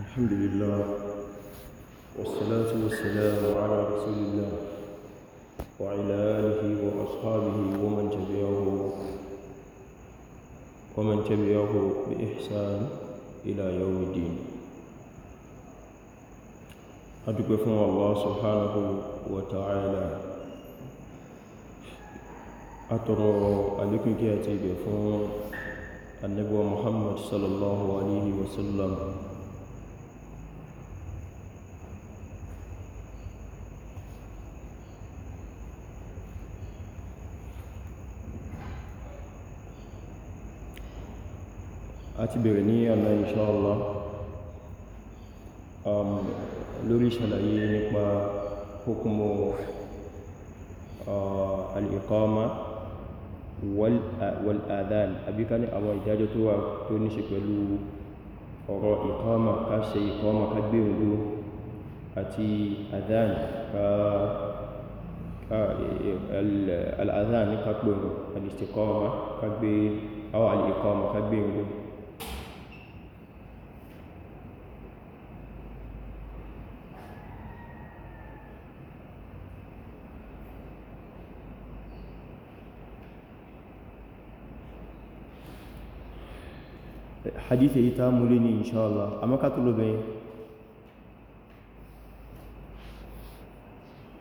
الحمد لله والصلاة والسلام على رسول الله وعلى آله وأصحابه ومن تبعه ومن تبعه بإحسان إلى يوم الدين أدوك فهم الله سبحانه وتعالى أترى عليك كاتب فهم النبي محمد صلى الله عليه وسلم a ti bẹ̀rẹ̀ ní ọ̀nà inshallah um, lórí ìṣàlàyé nípa hukumu uh, al-iqama wal-adhan àbíká ní àwọn ìdájọ́ tó wà tó ní ṣe pẹ̀lú ọ̀rọ̀ iqama ká ṣe iqama ká gbé òǹdó àti adhan ká al-adhan ní ká pẹ̀rù al-istiqama ká gbé àwọn al-iqama ká gbé òǹdó hadith èyí tá múlé ní inṣáàlá amákàtúlò bẹ̀yẹn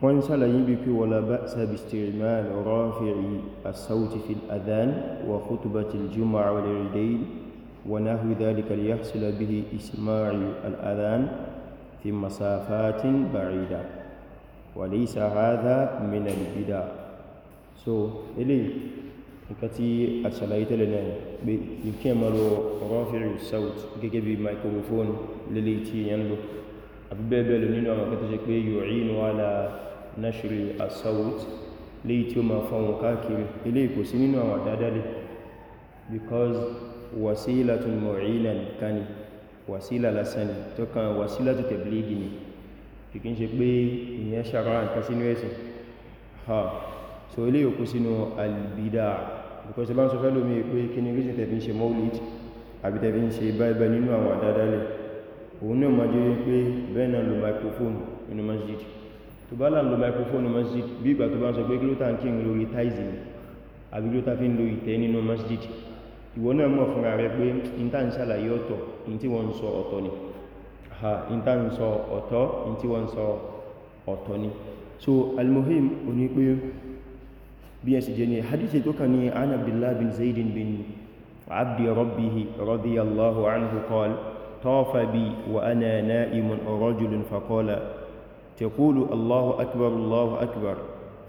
wọ́n ń sàlàyé bí pé wala ba'sa bi isti'mal rafi'i as-sawti fil adhan wa khutbati al-jumu'a wal iidayn wa nahwi dhalika liyahsula bihi isma'u al-adhan fi masafatin ba'ida wa laysa hadha min al-bida so eléyìí nǹkan tí a ṣàlàyé tẹ́lẹ̀ náà pé ìkí ẹmọ lọ rọ́fẹ́rì south gẹ́gẹ́ bí microphone lélẹ̀ tí yẹn lọ àbí bẹ́ẹ̀bẹ́ẹ̀ lọ nínú àwọn akẹta ṣe pé yóò rí inú wà nashiri a south léyìí tí ó máa fọ́nwọn káàkiri ilé ìkò sí nínú àwọn àdádálẹ̀ because wasila tun mọ̀rílẹ̀ nìkan ni wasila lásán ni tó kan wasila tó tẹ̀blígì ni kìkín ṣe ha so ilé ìkò sínú albida because bá ń sọ fẹ́ lómi pé kí ni reason tẹ̀bí ń ṣe maulid àbí tẹ̀bí ń ṣe báibẹ̀ nínú àwọn àdádálẹ̀ òun náà ma jẹ́ pé bẹ́ẹ̀ náà lo microphone inú masjid tó bá là ń lo microphone inú masjid bí ìgbà tó bá ń sọ pé kí ló tà ń ha ìntà ń sọ ọ̀tọ̀ in tí so almuhim oní pé bí ẹ̀sì jẹ́ ní hadithi tó kà ní an abdullah bin zaidin bin abdi rabbihi radiyallahu anhu qala tawafa bi wa ana na'imun rajulun faqala taqulu allahu akbar allahu akbar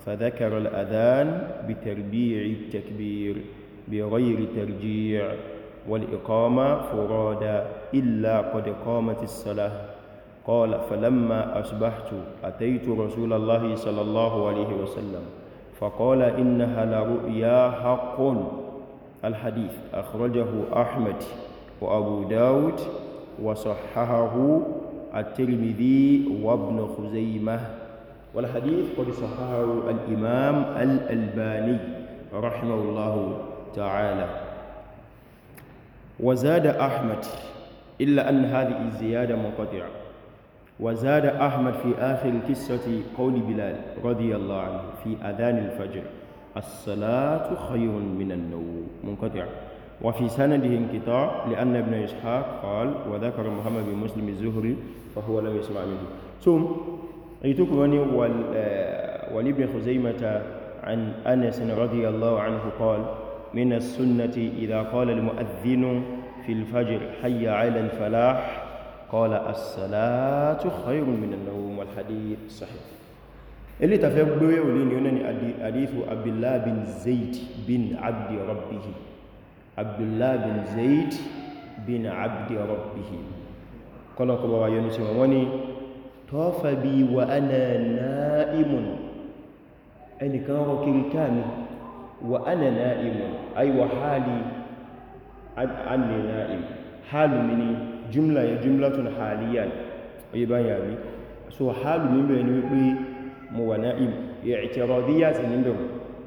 فذكر الأذان بتربيع التكبير بغير ترجيع والإقامة فرادا إلا قد قامت الصلاة قال فلما أصبحت أتيت رسول الله صلى الله عليه وسلم فقال إنها لرؤيا حق الحديث أخرجه أحمد وأبو داود وصححه الترمذي وابن خزيمة والحديث قد صححه الإمام الألباني رحمه الله تعالى وزاد أحمد إلا أن هذه الزيادة منقطعة وزاد أحمد في آخر قصة قول بلال رضي الله عنه في أذان الفجر الصلاة خير من النوم منقطع وفي سنده انقطاع لأن ابن إسحاق قال وذكر محمد بن مسلم الزهري فهو لم يسمع منه ثم يتكرني آه، ولابن خزيمة عن أنس رضي الله عنه قال من السنة إذا قال المؤذن في الفجر حي على الفلاح قال الصلاة خير من النوم والحديث صحيح اللي تفبوه ولين يونني حديث عبد الله بن زيد بن عبد ربه عبد الله بن زيد بن عبد ربه قال قبوا يونس ومني توفى بي وأنا نائم أني كان ركن كامل وأنا نائم أي وحالي أني نائم حال مني jumla yẹn jumlatun haliya ni oye bá yà rí so halu níbẹ̀ ni wípé mo wà náà im i'tiradiyya sí níbẹ̀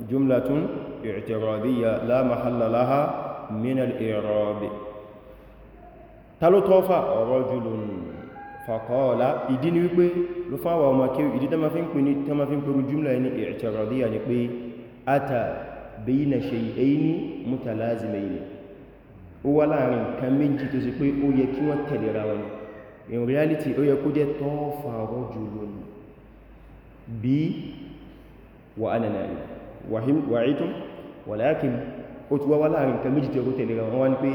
jumlatun i'tiradiyya la mahalla laha min al-i'rab talótọ́fà rajulun faqala ìdí ni wípé ló fáwà ọmọ kí ìdí tó ma fi ń pè ní tó ma fi ń jumla ní i'tiradiyya ni pé ata bayna shay'ayni mutalazimayni ó wá láàrin nǹkan méjì tó sì pé ó yẹ kí wọ́n tẹ̀lera wọn in reality ó yẹ kó jẹ́ tọ́ọ̀fà rọ́jù lónìí bí wà ánàlẹ́ wà ìtún wà láàkín ó ti wá wá láàrin nǹkan méjì tó yẹ kó wọn pé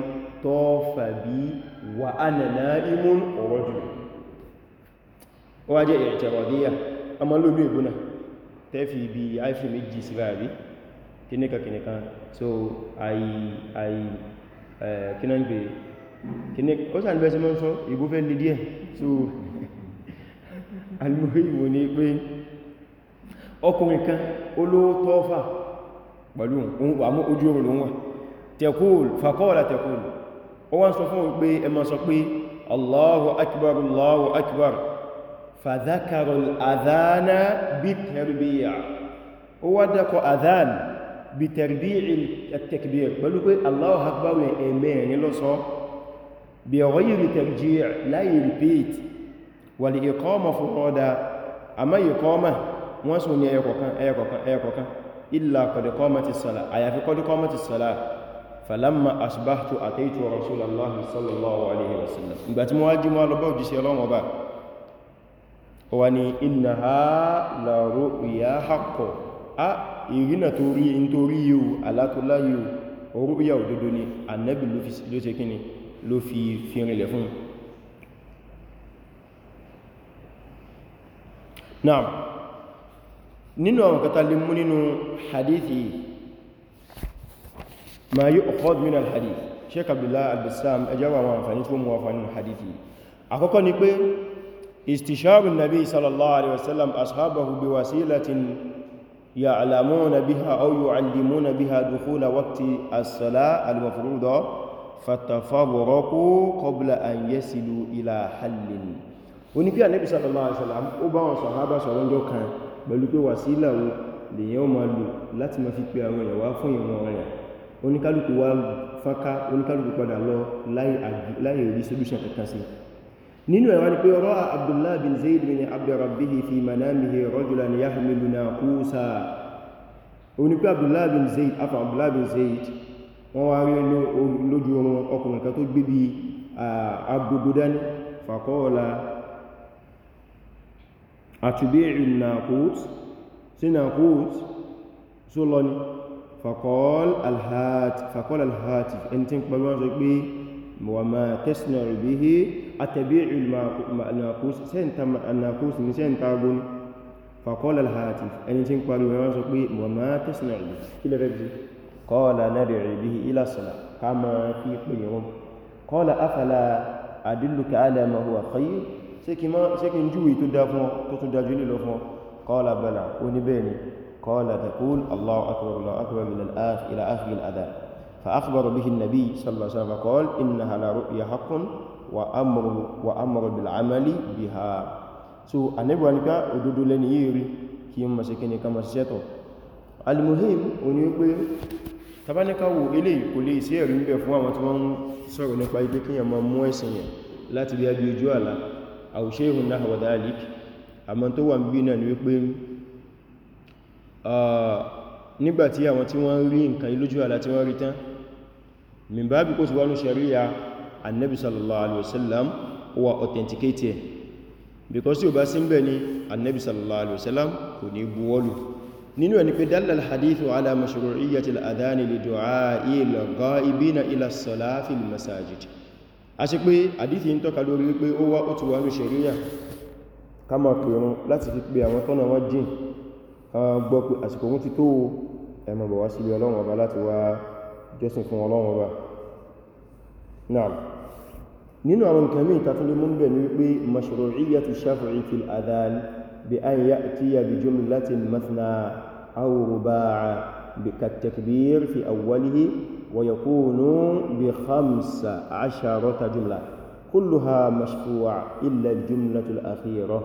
tọ́ọ̀fà bí wà ánàlẹ́ imún rọ́jù ó wá jẹ́ ìrìtẹ̀rọ̀díyà kí náà ń gbé kíní ó sàn bẹ́ẹ̀ sí mọ́ sán ìbú fẹ́ lè díẹ̀ so alìmọ̀rí ìwò ni pé ọkùnrin kan olówó tọ́fà pẹ̀lú àmú ojú oòrùn ló wà tẹ̀kùl fàkọ́ọ̀lá tẹ̀kùl ó wá ń sọ fún pé ẹ ma sọ pé allahu akbar allahu akbar fàzákarul adhana bí tẹ̀rù bí yà ó wá dákọ̀ adhana بتربيع التكبير بل الله أكبر إيمان لصو بغير ترجيع لا يربيت والإقامة فرادا أما إقامة واسوني أيقوكا أيقوكا أيقوكا إلا قد قامت الصلاة أي في قد قامت الصلاة فلما أصبحت أتيت رسول الله صلى الله عليه وسلم بات مواجم على بعض سيلون وبا واني إنها لرؤيا حق ìrìnà tó rí in tó rí yíò alákọlá yíò orúbíyà òdodo ni annabi ló ṣe kíni ló fi fìrìnlẹ̀ fún náà nínú àwọn kata lè mú nínú hadithi ma yí min nínú hadith sheik abdullah al ẹjọ́ ẹjọ́wà wọn àǹfàní tó mú àǹfàní hadithi àkọ́kọ́ ni pé istishabu nabi sallallahu alaihi wasallam ashabahu bi wasilatin يعلمون بها أو يعلمون بها دخول وقت الصلاة المفروضة فتفرقوا قبل أن يصلوا إلى حل ونبي النبي صلى الله عليه وسلم ó bá wọn sàhábà sọ̀rọ̀ ọjọ́ kan pẹ̀lú pé wàsílà wo lèyàn máa lò láti máa fi pe àwọn èèyàn wá fún ìran rẹ̀ oníkálùkù wá fánká oníkálùkù padà lọ láì rí solution kankan sí i نينو يعني كي راى عبد الله بن زيد بن عبد ربه في منامه رجلا يحمل ناقوسا ونيكو عبد الله بن زيد افا عبد الله بن زيد هو يقول له جو اوكو كان تو بيبي آه، عبد بدن فقال اتبيع الناقوس سيناقوس سولوني فقال الهات فقال الهات انت بقى بي وما تصنع به أتبيع الناقوس سينتا الناقوس من سينتا أقول فقال الهاتف أن تنقل ويوانسك وما تصنع كلا قال ندعي به إلى الصلاة كما في يوم قال أفلا أدلك على ما هو خير سيكما سيكن جوي تدافع تتداجل لفو قال بلى ونبيني قال تقول الله أكبر الله أكبر من الآخ إلى آخر الأذان فأخبر به النبي صلى الله عليه وسلم قال إنها لرؤيا حق وأمر, وأمر بالعمل بها so anabi wa nípa òdodo lẹ́ni yìí rí kí yíò maṣe kíni ká maṣe ṣẹ́tọ̀ almuhim o ní pé tàbáníkàwò ilé kò lè sí ẹ̀rí ń bẹ fún àwọn tí wọ́n sọ̀rọ̀ nípa ibi kíyàn ma mú ẹ̀sìn yẹn láti bí abí ojú àlá àwòṣe ìhùn náà wà dáàlìkì àmọ́ tó wà bí náà ni wípé ah, nígbàtí àwọn tí wọ́n rí nǹkan ilójú àlá tí wọ́n rí tán min bábi kó sì wánú sharia annabi sallallahu alaihi wasallam ó wà authenticate because yóò bá sí bẹ̀ ni annabi sallallahu alaihi wasallam kò ní buwọ́lù nínú ẹni pé dallal hadithu ala mashru'iyyati al-adhani li du'a'i al-gha'ibina ila as-salah fil masajid a ṣe pé hadithi ń tọ́ka lórí pé ó wá ó ti wánú sharia ká máa pèrún láti fi pé àwọn tọ́nà wọ́n jìn ká gbọ́ pé àsìkò wọn ti tó ẹ̀mọ̀ bọ̀ wá sílé ọlọ́run ọba láti wá jọ́sìn fún ọlọ́run ọba náà nínú àwọn nǹkan ìtàtúnlé ìta mú bẹ̀ ní wípé mashru'iyyatu shafi'i fil adhan bi an ya'tiya bi jumlatin mathna aw ruba'a bi katakbir fi awwalihi wa yakunu bi khamsa asharata jumla kulluha mashfu'a illa al-jumlatu al-akhirah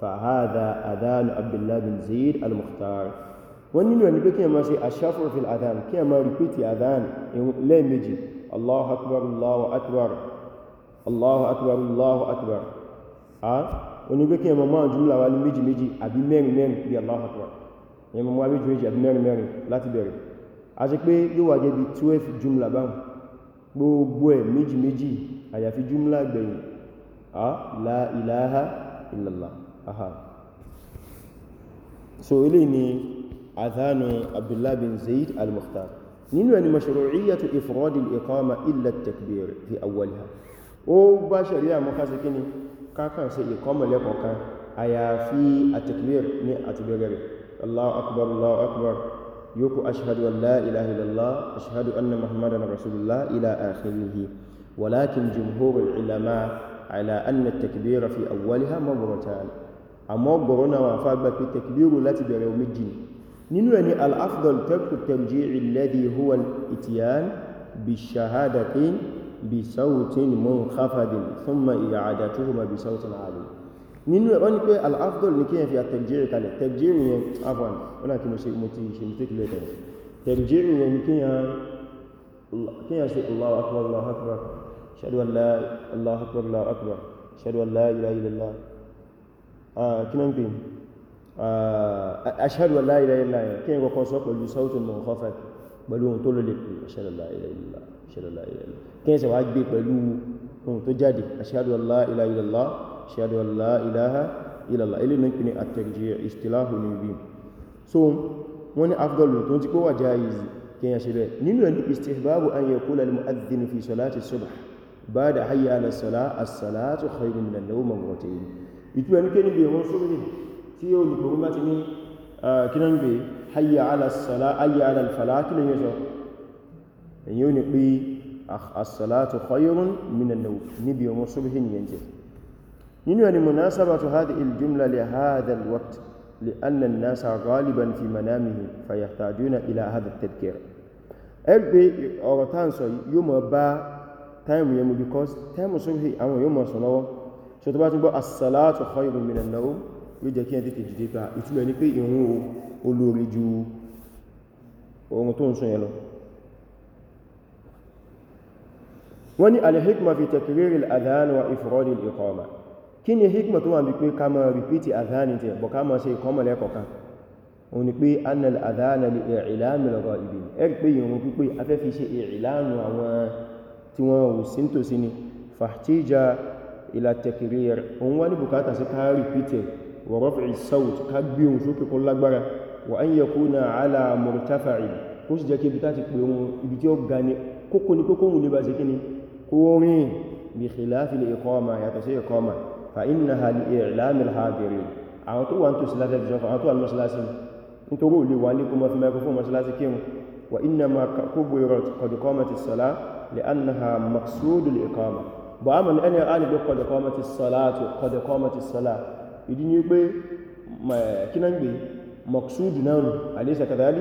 fa hadha adhan abdullah bin zayd al-mukhtar wọ́n nílò ẹni pé kí ẹ máa ṣe àṣáfúrò fi àdán kí ẹ máa rìpítì àdán lẹ́ẹ̀mejì Allahu akbar Allahu akbar Allahu akbar Allahu akbar a oní pé kí ẹ máa jùmlà wá ní méjì méjì àbí mẹ́rin mẹ́rin bí Allahu akbar ẹ máa méjì méjì àbí mẹ́rin mẹ́rin láti bẹ̀rẹ̀ a ṣe pé yóò wà jẹ́ bí 12 jùmlà báhùn gbogbo ẹ̀ méjì méjì àyàfi jùmlà gbẹ̀yìn a la ilaha illallah aha so eléyìí ni أذان عبد الله بن زيد المختار نينو يعني مشروعية إفراد الإقامة إلا التكبير في أولها وباشر يا مخاسكيني كاكا إقامة لقوكا أيا في التكبير ني أتبغير الله أكبر الله أكبر يوكو أشهد أن لا إله إلا الله أشهد أن محمدا رسول الله إلى آخره ولكن جمهور العلماء على أن التكبير في أولها مبرتان أما قرنا وفاق التكبير لا تبغير مجين نينو يعني الافضل ترك التمجيع الذي هو الاتيان بالشهاده بصوت منخفض ثم اعادتهما بصوت عالي نينو يعني الافضل نكيه في التمجيع قال التمجيع يعني عفوا انا كما شيء متي شيء متي كده التمجيع يعني كيا كيا الله اكبر الله اكبر اشهد لا الله اكبر الله اكبر اشهد لا اله الا الله اه كنا نبين آه، أشهد أن لا إله إلا الله كي يقول كون سوق بلو صوت منخفض بلو تولو لك أشهد أن لا إله إلا الله أشهد أن لا إله إلا الله كي يسوى عجبي بلو تجادي أشهد أن لا إله إلا الله أشهد أن لا إله إلا الله إلي نكني أتكجي استلاه نبي سو موني أفضل تون تكوى جائز كي يسوى نينو أن استحباب أن يقول المؤذن في صلاة الصبح بعد حي على الصلاة الصلاة خير من النوم موتين يتوى نكني بيهون سوى نبي tí olùkòrò bá ti ní kínàgbé hayya ala as-salah hayya ala al-falah kí lẹ́yìn sọ èyí ò ní pé as-salatu khayrun min an-nawm níbi ọmọ subhi ni yẹnjẹ nínú ẹni munasabatu hadhihi al-jumla li hadha al-waqt li anna an-nasa ghaliban fi manamihim fayahtajuna ila hadha at-tadhkir ẹgbẹ́ ọ̀rọ̀ táǹsọ̀ yóò mọ̀ bá táìmù yẹn mú because táìmù subhi àwọn yóò mọ̀ sọ lọ́wọ́ so tó bá tún gbọ́ as-salatu khayrun min an-nawm yóò jẹ́ kí ẹ tètè jìdí pa ìtumẹ̀ ní pé ìrun olórí ju ohun tó ń sún yẹn wọ́n ní alhikma fi takriri al wa ifradi al kí ni hikma tó wà ní pé ká máa ripiti adhan tẹ bọ̀ ká máa ṣe iqama lẹ́kọ̀ọ́kan òun ni pé annal adhan li i'lam al-ghaibin ẹ̀rì pé ìrun pípé afẹ́ fi ṣe ìlànà àwọn tí wọ́n ò sí tòsí ni fahtija ila takriri òun wá ní bùkátà sí ká ripiti ورفع الصوت كبيون سوكي كل أكبر وان يكون على مرتفع كوس جاكي بتاتك بيوم بيتيو غاني كوكو ني كوكو ني باسي كوري بخلاف الاقامه يا تسي اقامه فانها لاعلام الحاضرين او تو انتو سلاته جوف او تو المسلاسين انتو قولي واني كما في مايكروفون مسلاسي كيم وانما كبرت قد قامت الصلاه لانها مقصود الاقامه واما ان انا قال قد قامت الصلاه قد قامت الصلاه ìdí ni pé kí náà ń gbé mọ̀ksúdù náà nù àdíṣẹ́ kàtàlì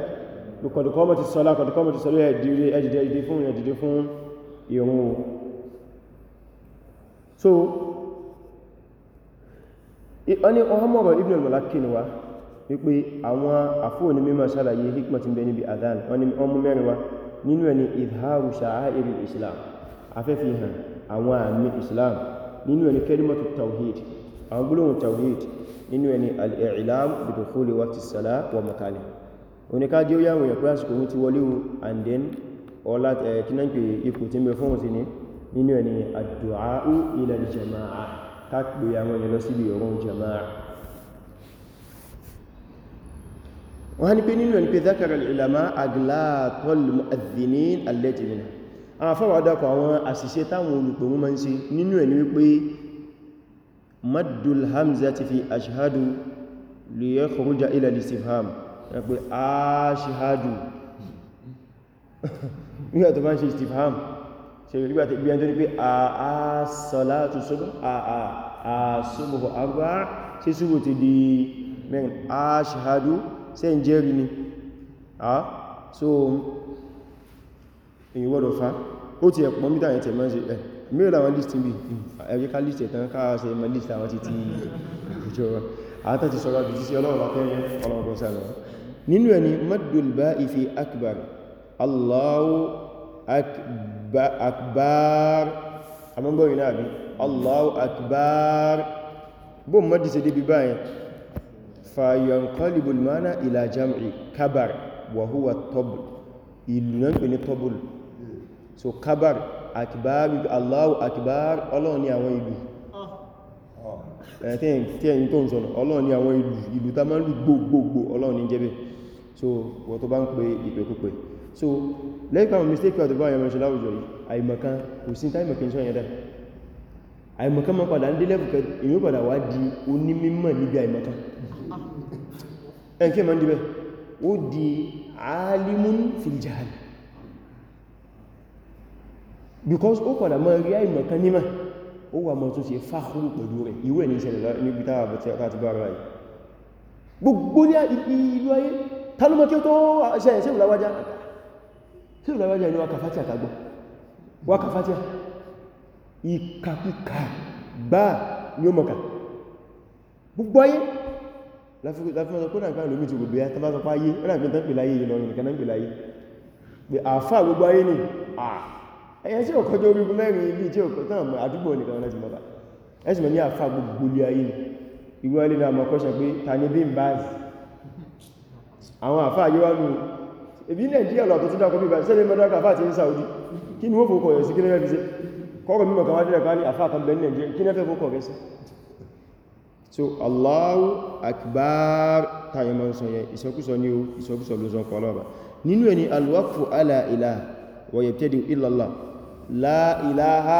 kọ̀dùkọ́mọ̀ ti sọ́lá kọ̀dùkọ́mọ̀ ti sọ́lá ẹ̀dìdẹ̀ ìdí fún ẹ̀dìdẹ̀ fún ìrun so ọni ọmọrọ̀ ibn al-malakin wa wípé àwọn àfúò ní mímọ̀ sálàyé hikmat ń bẹ níbi adhan wọn ni ọmọ mẹ́rin wa nínú ẹni ìdháru sha'air islam afẹ́fihàn àwọn àmì islam nínú ẹni kalimatu tawhid àwọn gbólóhùn tawhid nínú ẹni al-i'lam bi dukhuli waqti salah wa makani oníká jẹ́ òyàwó yẹ̀ pé àsìkò ohun ti wọlé o and then ọlá kínáǹkì ipò tí mẹ́ fún òsìn nínú ẹni àdùá ila al-jama'a káàkiri àwọn èèyàn lọ síbi ọ̀rọ̀ jama'a wọ́n ní pé nínú ẹni pé zakara maddul hamzati fi ashhadu li yakhruja ila al-istifham ya pé ashhadu nígbà tó bá ń ṣe istifham ṣe rí gbàtí ibi ẹjọ́ ní pé àásọ́látù ṣubú àásùbùhù àgbà ṣe ṣubù ti di mẹ́rin àṣàhádú ṣe ń jẹ́rì ni a so èyí wọ́dọ̀ fa ó ti ẹ̀pọ̀ mítà ẹ̀tẹ̀ mọ́ sí ẹ̀ mẹ́rin àwọn list bí ẹ̀rí ká list ẹ̀tàn káà ṣe ma list àwọn títí ìjọ àátà ti sọ́rọ̀ jù sí ọlọ́run látẹ́rin ọlọ́run sálọ nínú ẹni maddul ba'i fi akbar Allahu akbar amọ́gbọ́rin náà bí Allahu akbar bó mọ́dí se débi báyẹn fayanqalibul mana ila jam'i kabar wa so kabar akbar Allahu akbar ọlọ́run ní àwọn ìlú ah. eh, tí ẹ̀yìn tó ń sọ̀nà ọlọ́run ní àwọn ìlú ìlú tá máa ń lù gbogbogbò ọlọ́run ní jẹ́bẹ̀ so wọ́n tó bá ń pè ìpẹ̀kúpẹ̀ so lẹ́yìn pàwọn mistake ọ̀tọ̀ bá àwọn ẹmọ̀ṣẹ́ láwùjọ yìí àìmọ̀kan kò sí táìmọ̀ kí n sọ yẹn dá àìmọ̀kan máa padà ń dé lẹ́fùkẹ́ èyí padà wá di onímímọ̀ níbi àìmọ̀kan ah. ẹnkẹ́ máa ń dibẹ̀ ó di alimun fil because ó padà máa rí àìmọ̀ kan nímọ̀ ó wà mọ́ tó ṣe fáhúrú pẹ̀lú rẹ̀ ìwé ní ìṣẹ̀lẹ̀ níbi tàà àti àti bára rẹ̀ gbogbo ní ìlú ayé tálọ́mọ́ kí ó tó ṣẹ̀yẹ̀ sí ìlàwájá sí ìlàwájá inú wákàfátíà tàgbọ́ wákàfátíà ìkàkùkà gbá ní ó mọ̀kà gbogbo ayé láfíwọ́sọ̀kọ́ ẹ̀yẹ tí ọkọ̀ tó rígun mẹ́rin ibi tí ọkọ̀ tán àmọ́ àdúgbò nìkan láti mọ́ta ẹ̀sùn mọ̀ ní àfà gbogbo ilé ayé ìwé ilé náà mọ̀ kọ́ṣẹ̀ pé ta ní bí ń báàzì àwọn àfà yíwá nù ebi Nàìjíríà lọ tó ti dákọ̀ bí báyìí sẹ́lẹ̀ mọ́dá kàfà ti ń Saudi kí ni ó fòkọ̀ yẹ̀ sí kí lẹ́fẹ́ fi ṣe kọ́kọ̀ mímọ̀ kan wá dínà kan ní àfà kan bẹ̀ ní Nàìjíríà kí lẹ́fẹ́ fòkọ̀ rẹ̀ sí so Allahu akbar tayemọ̀ sọ yẹ ìsọkúsọ alwaqfu ala ilah wa yabtadi illa Allah la ilaha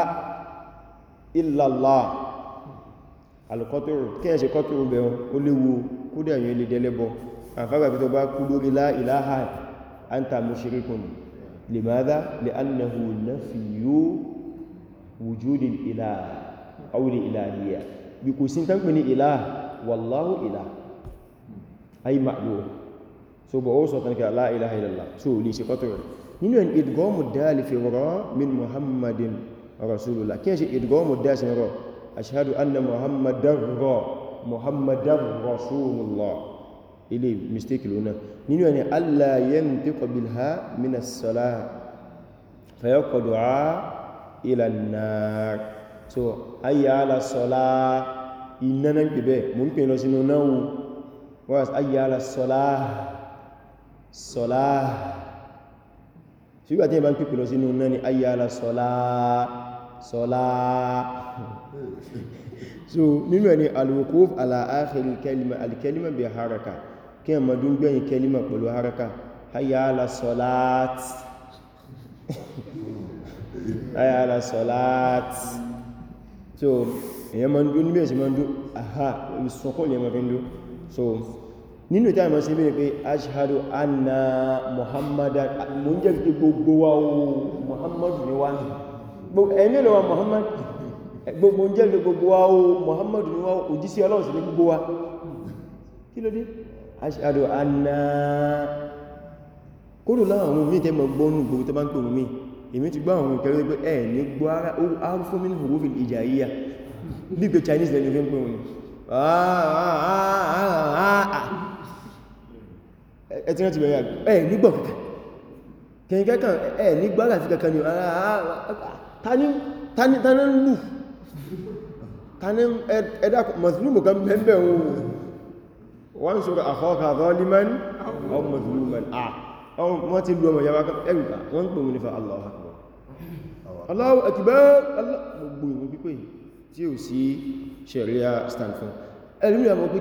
illallah alùkọ́tòrò kí ẹ̀ṣẹ̀ kọ́tòrò bẹ̀ ó léwu kúdẹ̀ yìí lè dẹ́lẹ́bọ àfágbà pé tó bá kú lórí la ilaha anta mushrikun limadha li'annahu nafiyu wujudil ilah aw li ilahiyya bí kò sí tán pè ní ilah wallahu ilah ay ma'lum so bọ̀ ó nínú ẹni idgọ́mù dali fi wara min muhammadin rasulullah kí ẹ ṣe dali dáàsì rọ́ ashhadu anna muhammadar rọ́ muhammadar rasulullah ili mistake lónà nínú ẹni allah yantiqu bilha min as-salah fa fayaqu du'a ila an-nar so ayya ala salah inna náà pè mú ń pè lọ sínú náà wọ́n ayya ala salah salah sígbà tí ìbá ń pípẹ̀ lọ sínú náà ni ayé ala sọ́lá sọ́lá so nínú ẹni alwukuf ala akhiri kalima alkalima bi haraka kí a madún gbẹ̀yìn kalima pẹ̀lú haraka ayé ala sọ́lát ayé ala sọ́lát so èyàn mandú ní bẹ̀ẹ̀ sí mandú aha ìsọ́kọ́ lè mandú so nínú ìtàrí mọ̀ sí ibi ni pé ashhadu anna muhammadan mo ń jẹ́ pé gbogbo wa o muhammadu ni wá ẹ̀mí lọ wa muhammadu gbogbo ń jẹ́ pé gbogbo wa o muhammadu ni wá òjíṣẹ́ ọlọ́run sí ní gbogbo wa kí ló dé ashhadu anna kódò láwọn mí tẹ́ mọ̀ gbọ́nù gbogbo tẹ́ bá ń pè mí èmi ti gbọ́ àwọn ìkẹrẹ pé ẹ̀ ní gbọ́ ara fún mi ní òwúfin ìjà yíya bí ẹ̀tí rántí bẹ̀rẹ̀ ẹ̀ nígbọ̀ kẹ̀kẹ̀ kẹ̀kẹ̀kẹ̀ ẹ̀ nígbàrà sí kẹ̀kẹ̀ ni ah, ah, ah, tani ń lù tani ẹ̀dà mazlumu kan mẹ́bẹ̀ ohun wọ́n sọ́rọ̀ akhaka zaliman aw mazluman wọ́n ti lù ọmọ yàwá ẹ̀rùkà wọ́n pè mú nífà akbar Allahu akbar gbogbo ìwọ̀n pípẹ̀ tí ò sí ṣẹ̀ríà stanford ẹ̀rùn ìyàmọ̀ pé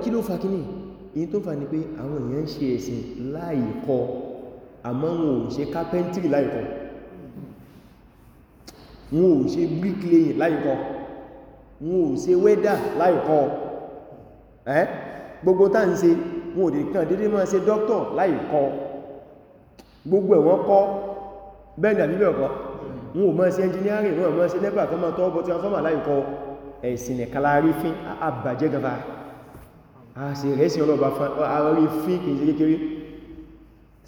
in tó fà ní pé àwọn èèyàn ṣe ẹ̀sìn láìkọ́ àmọ́ wọn ò ṣe carpentry láìkọ́ wọn ò ṣe bricklaying láìkọ́ wọn ò ṣe weather láìkọ́ ẹ́ gbogbo tá ń ṣe wọn ò dé dédé máa ṣe doctor láìkọ́ gbogbo ẹ̀ wọ́n kọ́ bẹ́ẹ̀ni àbí bẹ́ẹ̀ kọ́ wọn ò máa ṣe engineering wọn ò máa ṣe nepa kan máa tọ́ ọbọ̀ tí wọ́n a sì rẹ̀ sí ọlọ́ba àwárí fún kìí kékeré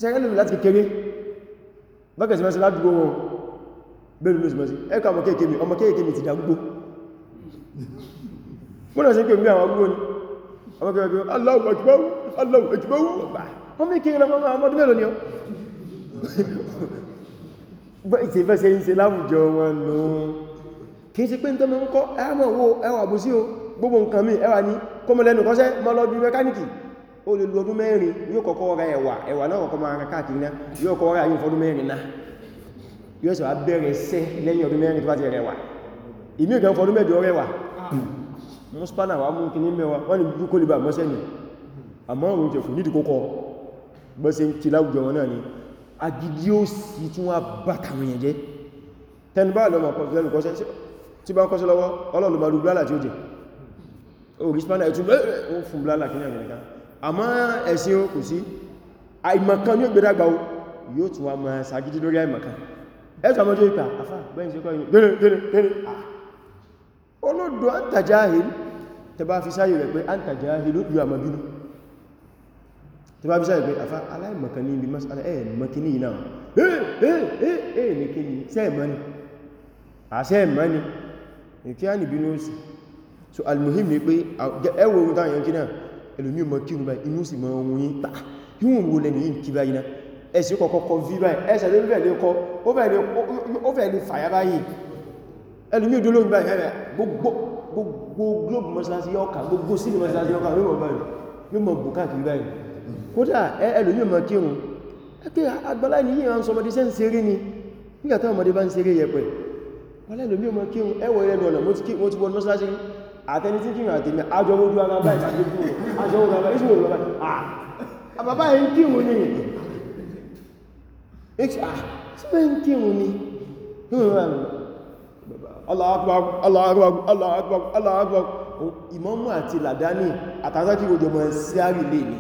sẹ́rẹ́ lórí láti kékeré bákan sí mẹ́sí ládùgbò wọn bẹ́rù lóṣù mẹ́sí ẹkà ọmọ kéèkéèmì ọmọ kéèkéèmì ti dàgbò wọ́n náà sí pé mí àwọn agbó ni ọmọ kéèkéèmì Allahu Akbar Allahu Akbar wọ́n mẹ́ kéèrè lọ́mọ ọmọdún mẹ́lọ ni ọ ìtì fẹ́ se ń se láwùjọ wọn nù kìí sí pé ń tọ́mọ ń kọ́ ẹwà àbòsí o gbogbo nǹkan mi ẹwà ní kọmọ lẹ́nu kọ́sẹ́ mọ́ lọ bí mẹ́kánìkì ó lè lu ọdún mẹ́rin yóò kọ́kọ́ ra ẹ̀wà ẹ̀wà náà kọ́kọ́ máa káàkiri náà yóò kọ́ ra yóò fọdún mẹ́rin náà yóò sọ abẹ́rẹ̀ sẹ́ lẹ́yìn ọdún mẹ́rin tó bá ti rẹwà ìmí ìgbà fọdún mẹ́jọ rẹwà mú spanner wà mú kí ní mẹ́wà wọ́n ni bí kó lè bà mọ́sẹ́ ni àmọ́ òun jẹ̀ fún nídìí kókọ́ bọ́sẹ̀ ti láwùjọ wọn náà ni agidi ó sì tún wá bá tàwọn yẹn jẹ́ tẹnubá lọ́mọ̀ kọ́sẹ́ tí bá ń kọ́sẹ́ tí ó jẹ́ orispana ẹ̀tún bẹ́ẹ̀ fún blálà kí ní àmìnìká àmọ́ ẹ̀sìn o kò sí àìmọ̀kan ní ògbèdàgbà o yóò tún wá máa sàgídí lórí àìmọ̀kan ẹ̀tún àmọ́jọ́ ìpà àfà bẹ́yìn sí kọ́yìn dẹ́rẹ̀ dẹ́rẹ̀ dẹ́rẹ̀ olódò antajahil tẹ bá fi sáyẹ̀ rẹ̀ pé antajahil ó yóò àmàbínú tẹ bá fi sáyẹ̀ pé àfà aláìmọ̀kan ní ibi masala ẹ̀ mọ̀kíní náà ẹ̀ ẹ̀ ẹ̀ ẹ̀ ní kí ni sẹ́ẹ̀mọ́ ni àṣẹ́ẹ̀mọ́ ni ìkí á nìbínú sí so almuhim ni pé ẹwọ ohun táwọn kí náà ẹlòmí ọmọ kí ọmọ inú sì mọ́ ohun yìí tàà yíwọ̀n wo lẹ́nu yìí kí báyìí náà ẹ̀sì kọ̀kọ́ kọ ví báyìí ẹ̀sẹ̀ ló bẹ̀ẹ̀ lè kọ ó fẹ́ lè fàyà báyìí ẹlòmí òdólóyìn báyìí gbogbo globe mọ́sálásí yọ́ka gbogbo sílì mọ́sálásí yọ́ka ló mọ̀ báyìí ló mọ̀ bùkà kí báyìí kódà ẹlòmí ọmọ kírun ẹkẹ́ agbálá ni yíyan ń sọmọdé sẹ́ ń seré ni nígbà táwọn ọmọdé bá ń seré yẹpẹ̀ wọ́n lẹ́lòmí ọmọ kírun ẹwọ̀ ilẹ̀ ọ̀nà mo ti wọ́n mọ́sálásí àtẹni tí kírun àtẹ̀mí àjọ ojú ara báyìí tàbí kú àjọ ojú ara ìṣòro lọ́wọ́ àbàbá ẹ̀ ń kírun ní ṣe ah, ń kírun ní Allahu Akbar Allahu Akbar Allahu Akbar Allahu Akbar ìmámù àti làdání àtàzákì òjò mọ̀ sí àrí lè ní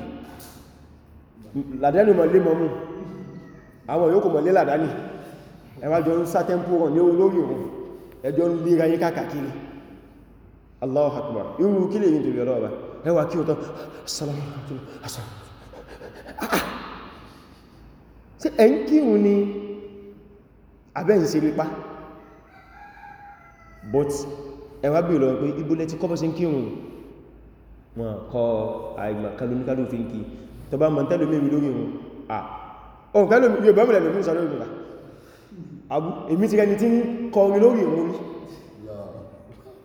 làdání mọ̀ lé mọ́mù àwọn yòókù mọ̀ lé làdání ẹwà jọ ń sá tẹ́mpù rọ̀ ní olórí òun ẹjọ́ ń lé ráyé káàkiri Allah Akbar irú kí lè yí nítorí ọlọ́ọ̀bá ẹwà kí o tán assalamu alaikum assalamu sí ẹ̀yìn kírun ni abẹ́ ń ṣe rípa but ẹwà bí ìlọ́wọ́ pé ibúlẹ̀ ti kọ́bọ̀ sí kírun wọn kọ àìgbà kalomikalu fi ń kí tó bá mọ̀ tẹ́lómi rí lórí wọn ah ohun tẹ́lómi rí ọbẹ̀mìlẹ̀ lórí sọ lórí wọn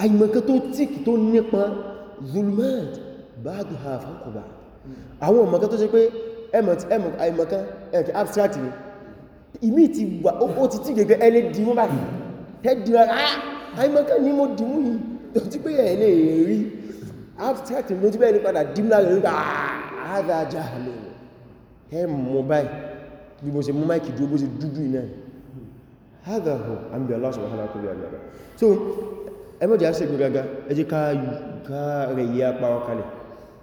àìmọ̀kan tó tíkì tó nípa zulmad báàdù ha fàkùbà àwọn ọmọkan tó ṣe pé àìmọ̀kan ẹ̀kẹ́ abstract ni ìmí ti wà ó ti tí gẹ́gẹ́ ẹlẹ́ dìmú bá tẹ́dìmú ah, àìmọ̀kan ní mo dìmú yìí tó ti pé ẹ̀lẹ́ rí abstract mo ti bẹ́ẹ̀ ní padà dìmú láàrin rí àádájá lọ ẹ mọ̀ báyìí bí mo ṣe mú máìkì dúró bó ẹmọ́jà sí ìgbìraga ẹjí ká rẹ̀ yí apá ọkalẹ̀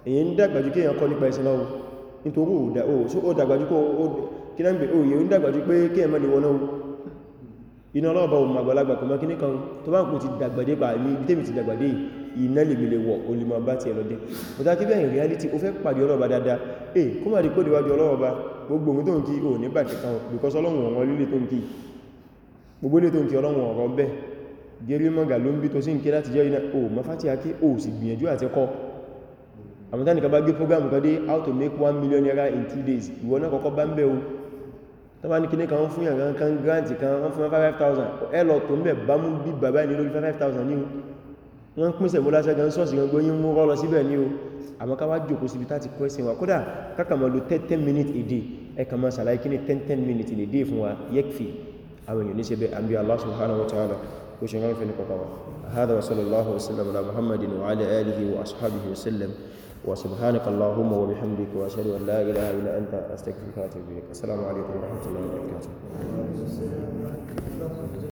èyí ń dàgbàjú kí èyàn kọ́ nípa ẹ̀sìn lọ́wọ́ nítorí ò ó dàgbàjú kí náà ń bè ó yẹ ń dàgbàjú pé kí ẹmọ́ lè wọ́n náà iná ọlọ́ọ̀bá ohun àgbàlagbà kò mọ́ kí nìkan tó bá ń kò ti dàgbàdé pa ní ibi tèmi ti dàgbàdé reality o fẹ́ pàdé ọlọ́ọ̀bá dáadáa eh kó má rí kó déwájú ọlọ́ọ̀bá gbogbo ohun tó ń kí o ní bàjẹ́ kan because ọlọ́run ọ̀rọ̀ lílé tó ń ń gẹrímọ̀gà ló ń bí tó sí ń ké láti jẹ́ iná o mafáti ake o sì gbìyànjú àti kọ́ àmọ́tánìkà bá gbé program kan dé how to make One million naira in 2 days ìwọ náà kọ́kọ́ bá ń bẹ̀ o tó bá ní kí ní kan fún yàn kan grant kan wọ́n fún 5,000 ẹ lọ tó ń bẹ̀ bá mú bí bàbá ní lórí 5,000 ní o wọ́n pínṣẹ̀ mú láṣẹ́ gan sọ́ọ̀sì gan gbóyín mú rọ́ lọ síbẹ̀ ní o àmọ́ ká wá jòkó síbi tá ti kọ́ ẹ̀sìn wa kódà káka mọ̀ lo 10 minutes a day ẹ kà máa ṣàlàyé kí ní 10 minutes a day fún wa yẹ́kfì àwọn èèyàn ní ṣe bẹ́ àbí Allah subhanahu wa ta'ala kuchangamka ni kwa tawafu. Hadha wa sallallahu wasallam ala Muhammadin wa ala alihi wa ashabihi wasallam wa subhanaka allahumma wa bihamdika wa ashhadu an la ilaha illa anta astaghfiruka wa atubu ilaik. Assalamu alaykum wa rahmatullahi wa barakatuh.